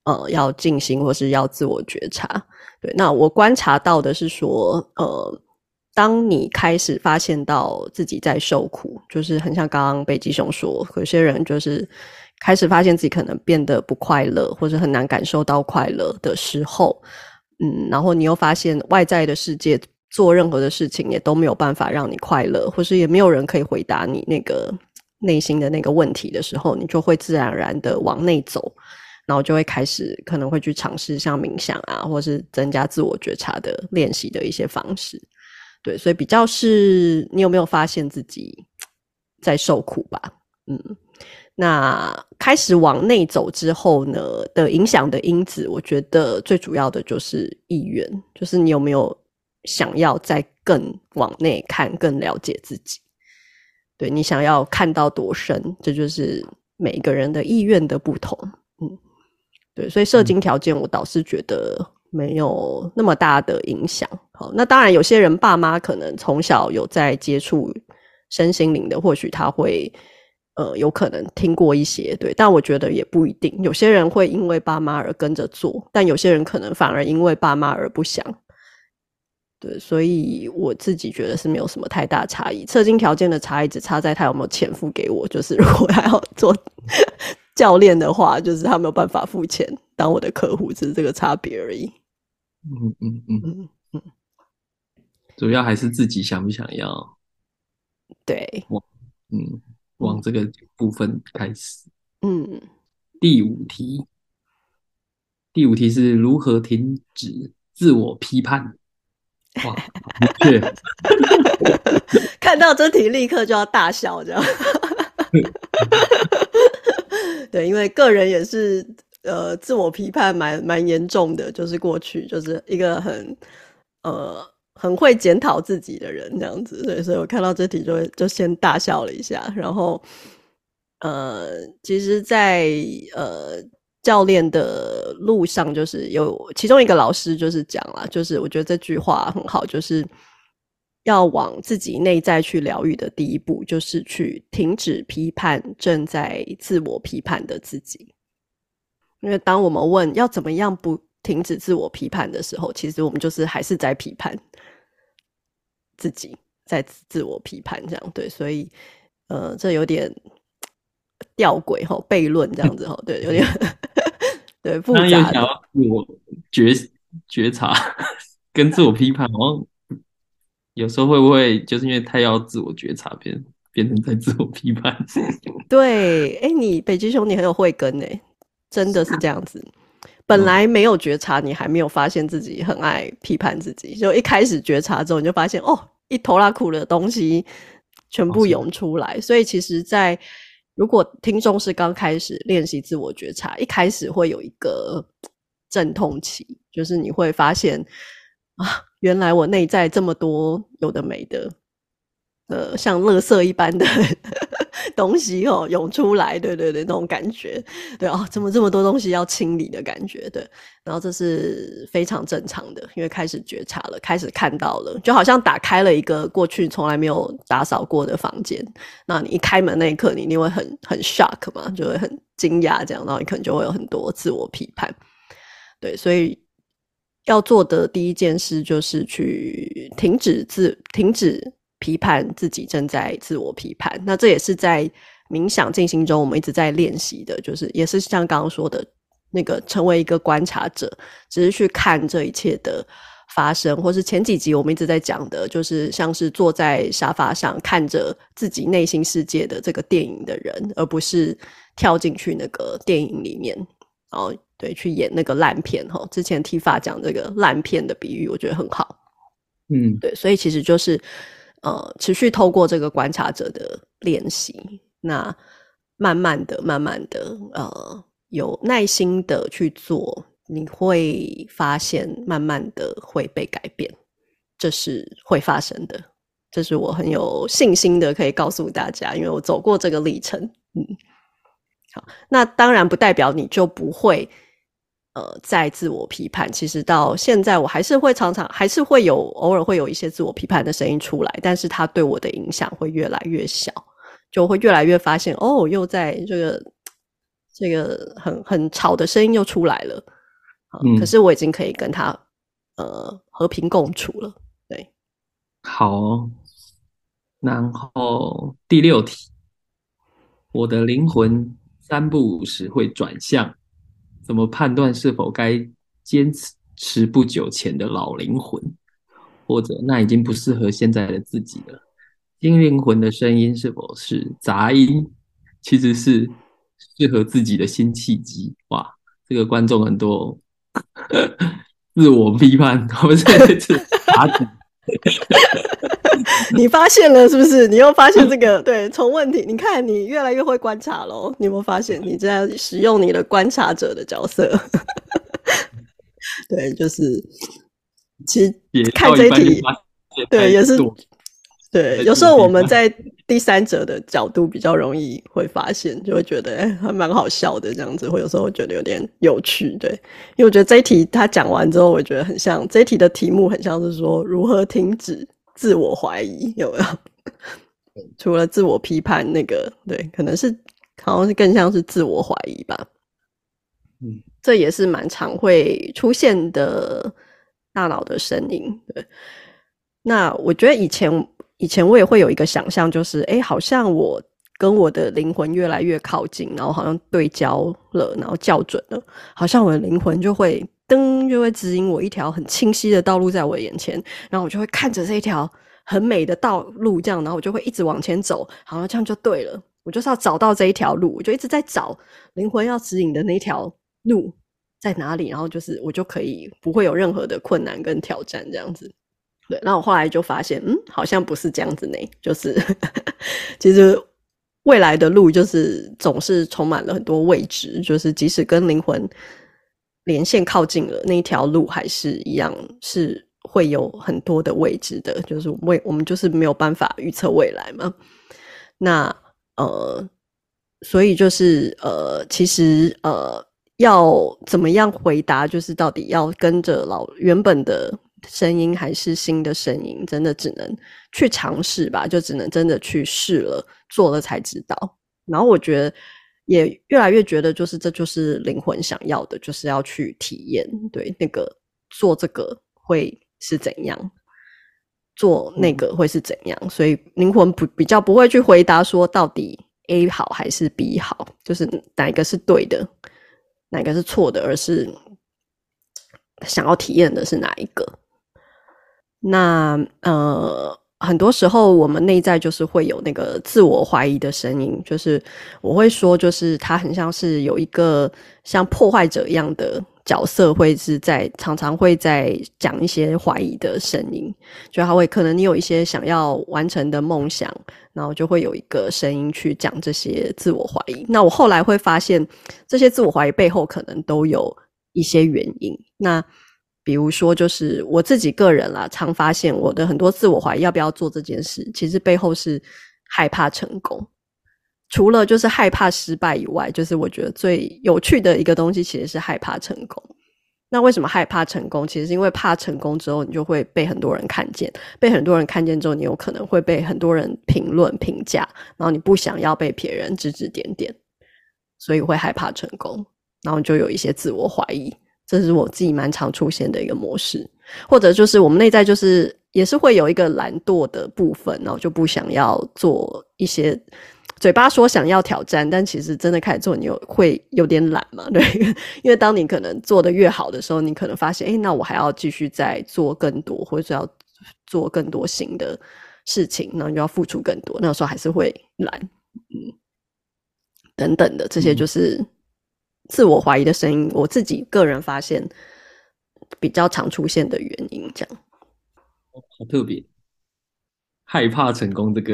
呃，要進行或是要自我覺察？對，那我觀察到的是說，呃，當你開始發現到自己在受苦，就是很像剛剛北極熊說，有些人就是。開始發現自己可能變得不快樂，或者很難感受到快樂的時候，嗯，然後你又發現外在的世界做任何的事情也都沒有辦法讓你快樂，或是也沒有人可以回答你那個內心的那個問題的時候，你就會自然而然的往內走，然後就會開始可能會去嘗試像冥想啊，或是增加自我覺察的練習的一些方式，對，所以比較是你有沒有發現自己在受苦吧，嗯。那開始往內走之後呢，的影響的因子，我覺得最主要的就是意願，就是你有沒有想要再更往內看，更了解自己，對你想要看到多深，這就是每個人的意願的不同。嗯，對，所以社經條件，我倒是覺得沒有那麼大的影響。好，那當然，有些人爸媽可能從小有在接觸身心靈的，或許他會。呃，有可能聽過一些，對，但我覺得也不一定。有些人會因為爸媽而跟着做，但有些人可能反而因為爸媽而不想。對，所以我自己覺得是沒有什麼太大差異。社經條件的差異只差在他有沒有錢付給我。就是如果他要做教練的話，就是他沒有辦法付錢當我的客戶，只是這個差別而已。嗯嗯嗯嗯嗯，主要還是自己想不想要。對，嗯。往這個部分開始。嗯，第五題，第五題是如何停止自我批判？ 哇， 看到這題立刻就要大笑，這樣？ 對，因為個人也是呃，自我批判蠻蠻嚴重的，就是過去就是一個很呃。很會檢討自己的人這樣子，所以所以我看到這題就就先大笑了一下，然後呃，其實在，在呃教練的路上，就是有其中一個老師就是講了，就是我覺得這句話很好，就是要往自己內在去療癒的第一步，就是去停止批判正在自我批判的自己，因為當我們問要怎麼樣不停止自我批判的時候，其實我們就是還是在批判自己，在自我批判這樣，對，所以呃，這有點吊詭吼，悖論這樣子吼，對，有點 對複雜的。剛剛要自我覺覺察跟自我批判， 好像有時候會不會就是因為太要自我覺察，變變成在自我批判？ 對，哎，你北極熊，你很有慧根哎，真的是這樣子。本來沒有覺察，嗯、你還沒有發現自己很愛批判自己，就一開始覺察之後，你就發現哦，一拖拉庫的東西全部湧出來。哦、所以其實在，在如果聽眾是剛開始練習自我覺察，一開始會有一個陣痛期，就是你會發現啊，原來我內在這麼多有的沒的，呃，像垃圾一般的。 東西哦湧出來，對對對，那種感覺，對啊，怎麼這麼多東西要清理的感覺？對，然後這是非常正常的，因為開始覺察了，開始看到了，就好像打開了一個過去從來沒有打掃過的房間。那你一開門那一刻，你一定會很很 shock 嘛，就會很驚訝這樣，然後你可能就會有很多自我批判。對，所以要做的第一件事就是去停止自停止。批判自己正在自我批判，那這也是在冥想進行中，我們一直在練習的，就是也是像剛剛說的那個，成為一個觀察者，只是去看這一切的發生，或是前幾集我們一直在講的，就是像是坐在沙發上看着自己內心世界的這個電影的人，而不是跳進去那個電影裡面，然後對去演那個爛片哈。之前 T 發講這個爛片的比喻，我覺得很好，嗯，對，所以其實就是。呃，持續透過這個觀察者的練習，那慢慢的、慢慢的，呃，有耐心的去做，你會發現，慢慢的會被改變，這是會發生的，這是我很有信心的可以告訴大家，因為我走過這個歷程。嗯，好，那當然不代表你就不會。呃，在自我批判，其實到現在，我還是會常常，還是會有偶爾會有一些自我批判的聲音出來，但是他對我的影響會越來越小，就會越來越發現，哦，又在這個這個很很吵的聲音又出來了，呃嗯、可是我已經可以跟他呃和平共處了，對，好，然後第六題，我的靈魂三不五時會轉向。怎麼判斷是否該堅持不久前的老靈魂，或者那已經不適合現在的自己了？新靈魂的聲音是否是雜音？其實是適合自己的新契機。哇，這個觀眾很多，呵呵自我批判，我們在這打賭。 你發現了是不是？你又發現這個 對，從問題，你看你越來越會觀察咯，你有沒有發現？你在使用你的觀察者的角色？ 對，就是其實看這一題，一對，也是多對。有時候我們在。第三者的角度比較容易會發現，就會覺得還蠻好笑的這樣子。會有時候覺得有點有趣，對。因為我覺得這一題他講完之後，我覺得很像這一題的題目，很像是說如何停止自我懷疑，有沒有？對除了自我批判那個，對，可能是好像是更像是自我懷疑吧。嗯，這也是蠻常會出現的大腦的聲音。對，那我覺得以前。以前我也會有一個想象，就是哎，好像我跟我的靈魂越來越靠近，然後好像對焦了，然後校準了，好像我的靈魂就會噔就會指引我一條很清晰的道路在我的眼前，然後我就會看着這一條很美的道路，這樣，然後我就會一直往前走，好像這樣就對了。我就是要找到這一條路，我就一直在找靈魂要指引的那條路在哪裡，然後就是我就可以不會有任何的困難跟挑戰，這樣子。對，那我後來就發現，嗯，好像不是這樣子呢。就是，呵呵，其實未來的路，就是總是充滿了很多未知。就是即使跟靈魂連線靠近了，那條路還是一樣，是會有很多的未知的。就是未我們就是沒有辦法預測未來嘛。那呃，所以就是呃，其實呃，要怎麼樣回答？就是到底要跟着老原本的。聲音還是新的聲音，真的只能去嘗試吧，就只能真的去試了，做了才知道。然後我覺得也越來越覺得，就是這就是靈魂想要的，就是要去體驗，對，那個做這個會是怎樣，做那個會是怎樣。嗯。所以靈魂不比較不會去回答說到底 A 好還是 B 好，就是哪一個是對的，哪一個是錯的，而是想要體驗的是哪一個。那呃，很多時候我們內在就是會有那個自我懷疑的聲音，就是我會說，就是他很像是有一個像破壞者一樣的角色，會是在常常會在講一些懷疑的聲音，就他會可能你有一些想要完成的夢想，然後就會有一個聲音去講這些自我懷疑。那我後來會發現，這些自我懷疑背後可能都有一些原因。那。比如說，就是我自己個人啦，常發現我的很多自我懷疑，要不要做這件事，其實背後是害怕成功，除了就是害怕失敗以外，就是我覺得最有趣的一個東西其實是害怕成功。那為什麼害怕成功？其實是因為怕成功之後你就會被很多人看見，被很多人看見之後，你有可能會被很多人評論評價，然後你不想要被別人指指點點，所以會害怕成功，然後就有一些自我懷疑。這是我自己蠻常出現的一個模式，或者就是我們內在就是也是會有一個懶惰的部分，然後就不想要做一些嘴巴說想要挑戰，但其實真的開始做，你會有點懶嘛？對，因為當你可能做得越好的時候，你可能發現，哎，那我還要繼續再做更多，或者說要做更多新的事情，然後就要付出更多，那時候還是會懶，嗯，等等的這些就是。嗯自我懷疑的聲音，我自己個人發現比較常出現的原因，這樣好特別。害怕成功這個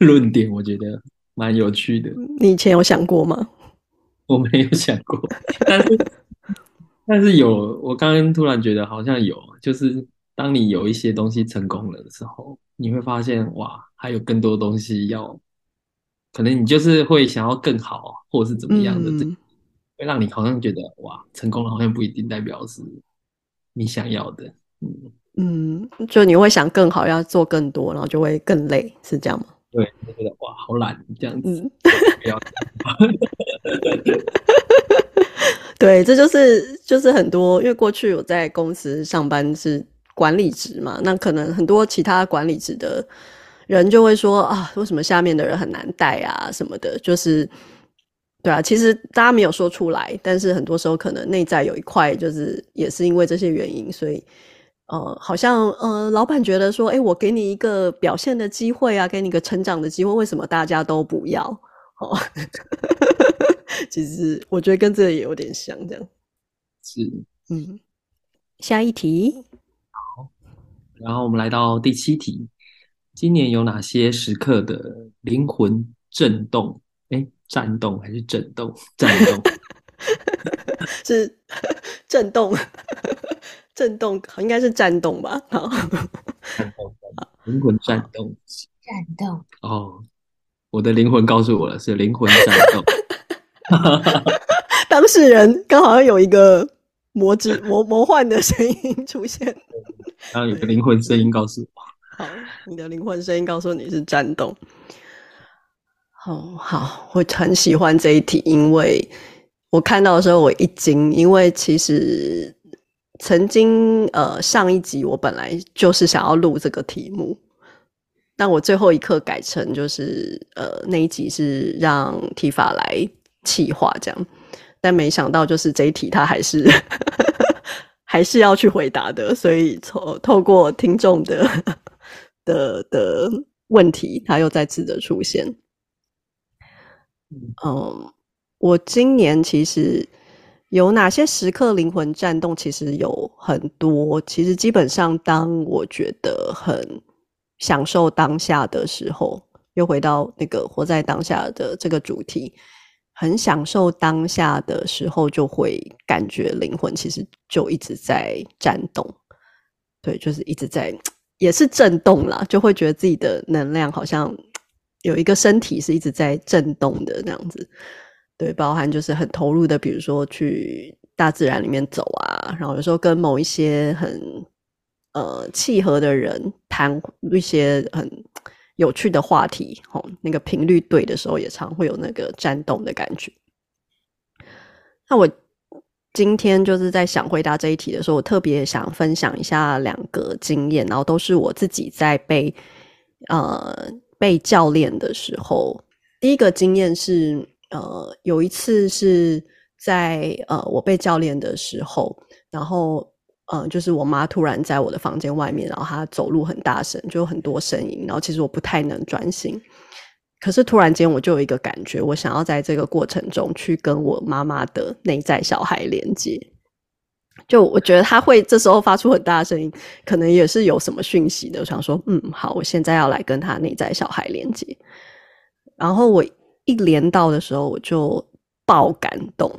論點，我覺得蠻有趣的。 你以前有想過嗎？我沒有想過，但是， 但是有，我剛剛突然覺得好像有，就是當你有一些東西成功了的時候，你會發現哇，還有更多東西要，可能你就是會想要更好，或者是怎麼樣的。嗯會讓你好像覺得哇，成功了好像不一定代表是你想要的，嗯，嗯，就你會想更好，要做更多，然後就會更累，是這樣嗎？對，就覺得哇，好懶這樣子，嗯、不要這樣。 對，對，對，對，這就是就是很多，因為過去我在公司上班是管理職嘛，那可能很多其他管理職的人就會說啊，為什麼下面的人很難帶啊什麼的，就是。對啊，其實大家沒有說出來，但是很多時候可能內在有一塊，就是也是因為這些原因，所以，呃，好像呃，老闆覺得說，哎，我給你一個表現的機會啊，給你一個成長的機會，為什麼大家都不要？哦， 其實我覺得跟這個也有點像，這樣。是，嗯。下一題，好，然後我們來到第七題，今年有哪些時刻的靈魂震動？顫動還是顫動？顫動是震動，震動應該是顫動吧？靈魂顫動，顫動哦！我的靈魂告訴我了，是靈魂顫動。當事人剛好像有一個魔之魔魔幻的聲音出現，然後有個靈魂聲音告訴我：好，你的靈魂聲音告訴你是顫動。好好，我很喜歡這一題，因為我看到的時候我一驚，因為其實曾經呃上一集我本來就是想要錄這個題目，但我最後一刻改成就是呃那一集是讓 Tifa 來企劃這樣，但沒想到就是這一題他還是 還是要去回答的，所以從透過聽眾的的的問題，他又再次的出現。嗯，我今年其實有哪些時刻靈魂顫動？其實有很多。其實基本上，當我覺得很享受當下的時候，又回到那個活在當下的這個主題，很享受當下的時候，就會感覺靈魂其實就一直在顫動。對，就是一直在，也是震動啦，就會覺得自己的能量好像。有一個身體是一直在震動的這樣子，對，包含就是很投入的，比如說去大自然裡面走啊，然後有時候跟某一些很呃契合的人談一些很有趣的話題，齁，那個頻率對的時候，也常會有那個震動的感覺。那我今天就是在想回答這一題的時候，我特別想分享一下兩個經驗，然後都是我自己在被呃。被教練的時候，第一個經驗是，呃，有一次是在呃我被教練的時候，然後嗯、呃，就是我媽突然在我的房間外面，然後她走路很大聲，就很多聲音，然後其實我不太能專心，可是突然間我就有一個感覺，我想要在這個過程中去跟我媽媽的內在小孩連接。就我覺得他會這時候發出很大的聲音，可能也是有什麼訊息的。我想說，嗯，好，我現在要來跟他內在小孩連接。然後我一連到的時候，我就爆感動。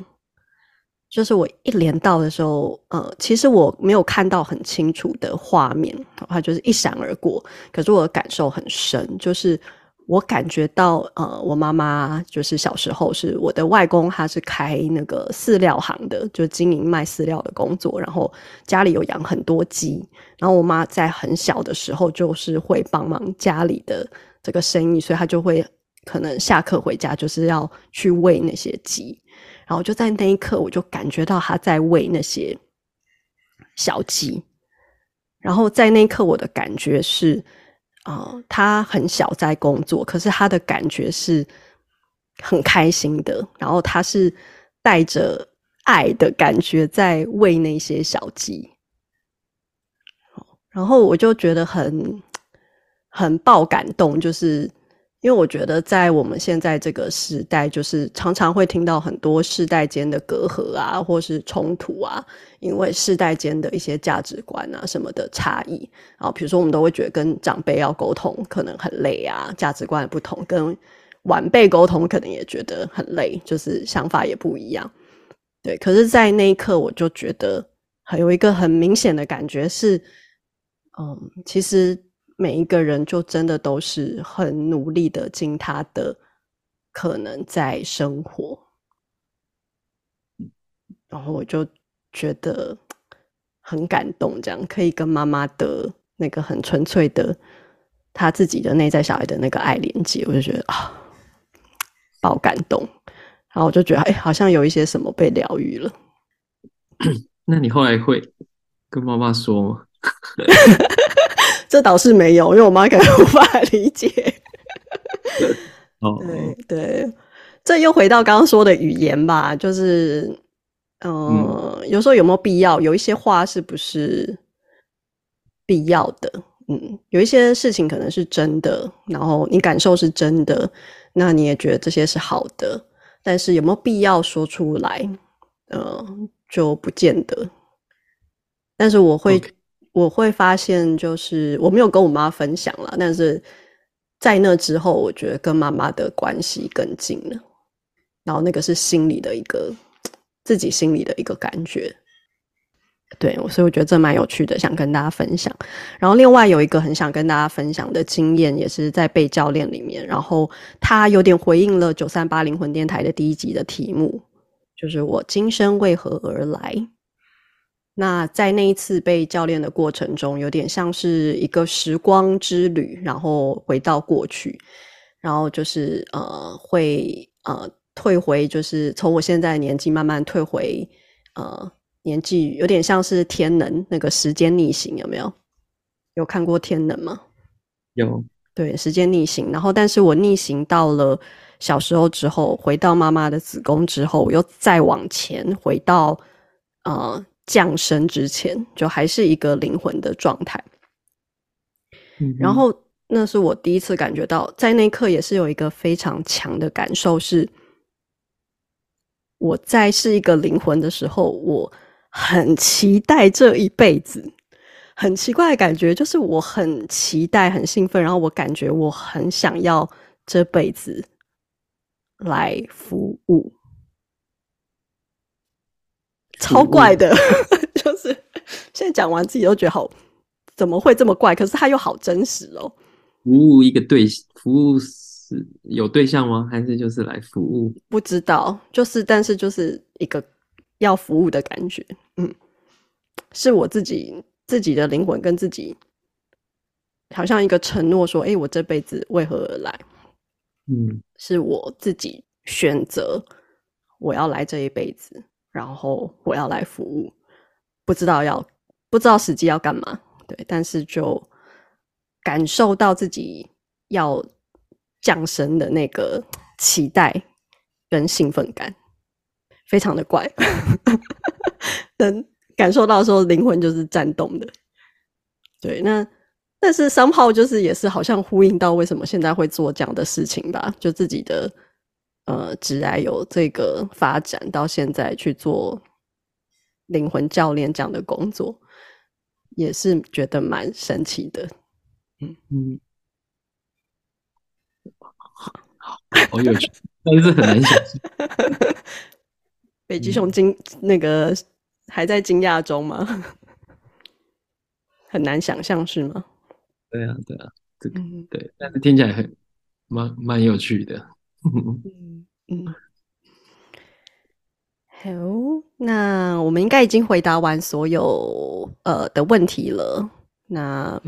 就是我一連到的時候，呃，其實我沒有看到很清楚的畫面，它就是一閃而過。可是我的感受很深，就是。我感覺到，呃，我媽媽就是小時候是我的外公，他是開那個飼料行的，就經營賣飼料的工作。然後家裡有養很多雞，然後我媽在很小的時候就是會幫忙家裡的這個生意，所以她就會可能下課回家就是要去餵那些雞。然後就在那一刻，我就感覺到她在餵那些小雞，然後在那一刻我的感覺是。啊、哦，他很小在工作，可是他的感覺是很開心的。然後他是帶着愛的感覺在餵那些小雞，然後我就覺得很很爆感動，就是。因為我覺得，在我們現在這個時代，就是常常會聽到很多世代間的隔閡啊，或是衝突啊，因為世代間的一些價值觀啊什麼的差異啊。然後比如說，我們都會覺得跟長輩要溝通可能很累啊，價值觀不同，跟晚輩溝通可能也覺得很累，就是想法也不一樣。對，可是，在那一刻，我就覺得有一個很明顯的感覺是，嗯，其實。每一個人就真的都是很努力的盡他的可能在生活，然後我就覺得很感動，這樣可以跟媽媽的那個很純粹的他自己的內在小孩的那個愛連接，我就覺得啊，好感動。然後我就覺得哎，好像有一些什麼被療癒了。那你後來會跟媽媽說嗎？ 這倒是沒有，因為我媽可能無法理解。 對對，這又回到剛剛說的語言吧，就是，呃、嗯，有時候有沒有必要？有一些話是不是必要的？嗯，有一些事情可能是真的，然後你感受是真的，那你也覺得這些是好的，但是有沒有必要說出來？呃，就不見得。但是我會。Okay. 我會發現，就是我沒有跟我媽分享了，但是在那之後，我覺得跟媽媽的關係更近了。然後那個是心裡的一個自己心裡的一個感覺，對我，所以我覺得這蠻有趣的，想跟大家分享。然後另外有一個很想跟大家分享的經驗，也是在被教練裡面，然後他有點回應了938靈魂電台的第一集的題目，就是我今生為何而來。那在那一次被教練的過程中，有點像是一個時光之旅，然後回到過去，然後就是呃，會呃退回，就是從我現在的年紀慢慢退回呃年紀，有點像是天能那個時間逆行，有沒有？有看過天能嗎？有。對，時間逆行，然後但是我逆行到了小時候之後，回到媽媽的子宮之後，我又再往前回到呃。降生之前，就還是一個靈魂的狀態。Mm hmm. 然後那是我第一次感覺到，在那一刻也是有一個非常強的感受是，是我在是一個靈魂的時候，我很期待這一輩子。很奇怪的感覺，就是我很期待，很興奮，然後我感覺我很想要這輩子來服務。超怪的，服務 就是現在講完自己都覺得好，怎麼會這麼怪？可是它又好真實哦。服務一個，對，服務是有對象嗎？還是就是來服務？不知道，就是但是就是一個要服務的感覺。嗯，是我自己自己的靈魂跟自己，好像一個承諾說：“哎、欸，我這輩子為何而來？”嗯，是我自己選擇我要來這一輩子。然後我要來服務，不知道要不知道實際要幹嘛，對，但是就感受到自己要降生的那個期待跟興奮感，非常的怪， 能感受到說靈魂就是顫動的，對，那但是 somehow 就是也是好像呼應到為什麼現在會做這樣的事情吧，就自己的。呃，只來有這個發展到現在去做靈魂教練這樣的工作，也是覺得蠻神奇的。嗯嗯，好有趣， 但是很難想象。 北極熊驚，嗯、那個還在驚訝中嗎？很難想象是嗎？對啊，對啊，這個對,、嗯、對，但是聽起來很蠻蠻有趣的。 嗯嗯嗯，好，那我們應該已經回答完所有呃的問題了。那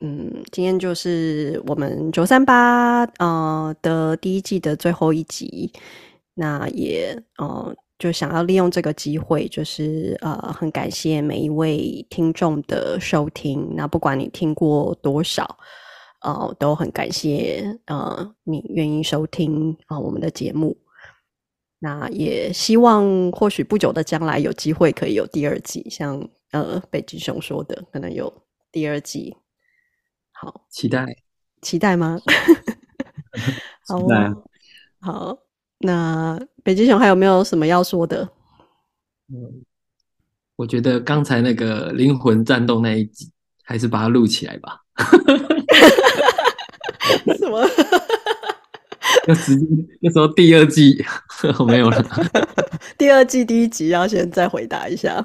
嗯，今天就是我們九三八呃的第一季的最後一集。那也呃，就想要利用這個機會，就是呃，很感謝每一位聽眾的收聽。那不管你聽過多少。哦，都很感謝，呃，你願意收聽啊、呃、我們的節目，那也希望或許不久的將來有機會可以有第二季，像呃北極熊說的，可能有第二季，好期待，期待嗎？好，好，那北極熊還有沒有什麼要說的？嗯、我覺得剛才那個靈魂戰鬥那一集，還是把它錄起來吧。 哈哈哈哈哈！ 什麼？那直接要說第二季沒有了？第二季第一集，要先再回答一下。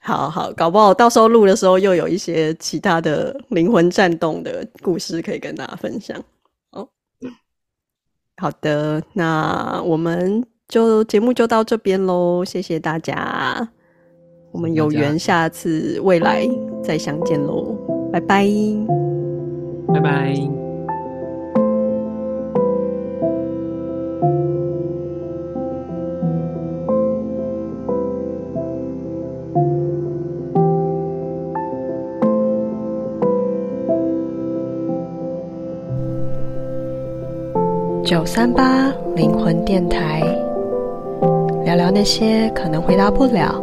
好好，好，搞不好到時候錄的時候又有一些其他的靈魂顫動的故事可以跟大家分享。哦，好的，那我們就節目就到這邊嘍，謝謝大家，我們有緣下次未來再相見嘍，拜拜。拜拜。九三八靈魂電台，聊聊那些可能回答不了，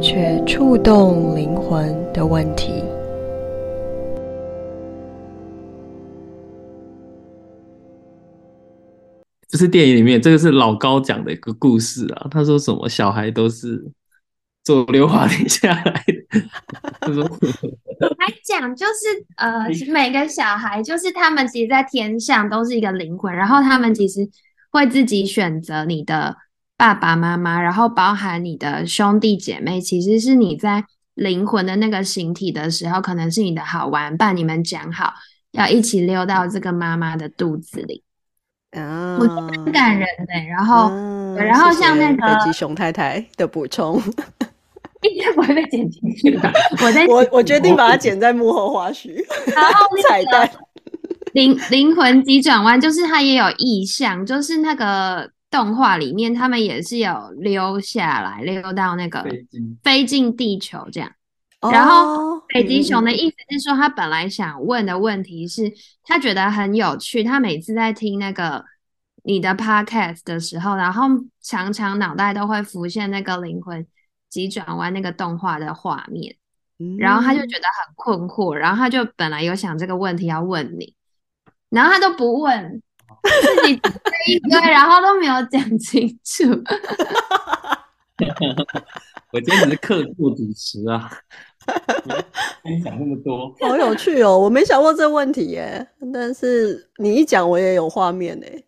卻觸動靈魂的問題。是電影裡面這個是老高講的一個故事啊，他說什麼小孩都是坐溜滑梯下來的。他說還講就是呃每個小孩就是他們其實，在天上都是一個靈魂，然後他們其實會自己選擇你的爸爸媽媽，然後包含你的兄弟姐妹，其實是你在靈魂的那個形體的時候，可能是你的好玩伴，把你們講好要一起溜到這個媽媽的肚子裡。嗯，啊、我覺得很感人呢，欸。然後，啊、然後像那個謝謝北極熊太太的補充，應該 不會被剪進去吧？我在，我我決定把它剪在幕後花絮。 然後、那個、 彩蛋，靈靈魂急轉彎，就是它也有意象，就是那個動畫裡面，他們也是有溜下來，溜到那個飛進飛進地球這樣。然後北極熊的意思是說，他本來想問的問題是他覺得很有趣。他每次在聽那個你的 podcast 的時候，然後常常腦袋都會浮現那個靈魂急轉彎那個動畫的畫面，嗯、然後他就覺得很困惑。然後他就本來有想這個問題要問你，然後他都不問這一，一堆一堆，然後都沒有講清楚。 我今天是客座主持啊，跟你講那麼多，好有趣哦！我沒想過這問題耶，但是你一講我也有畫面哎。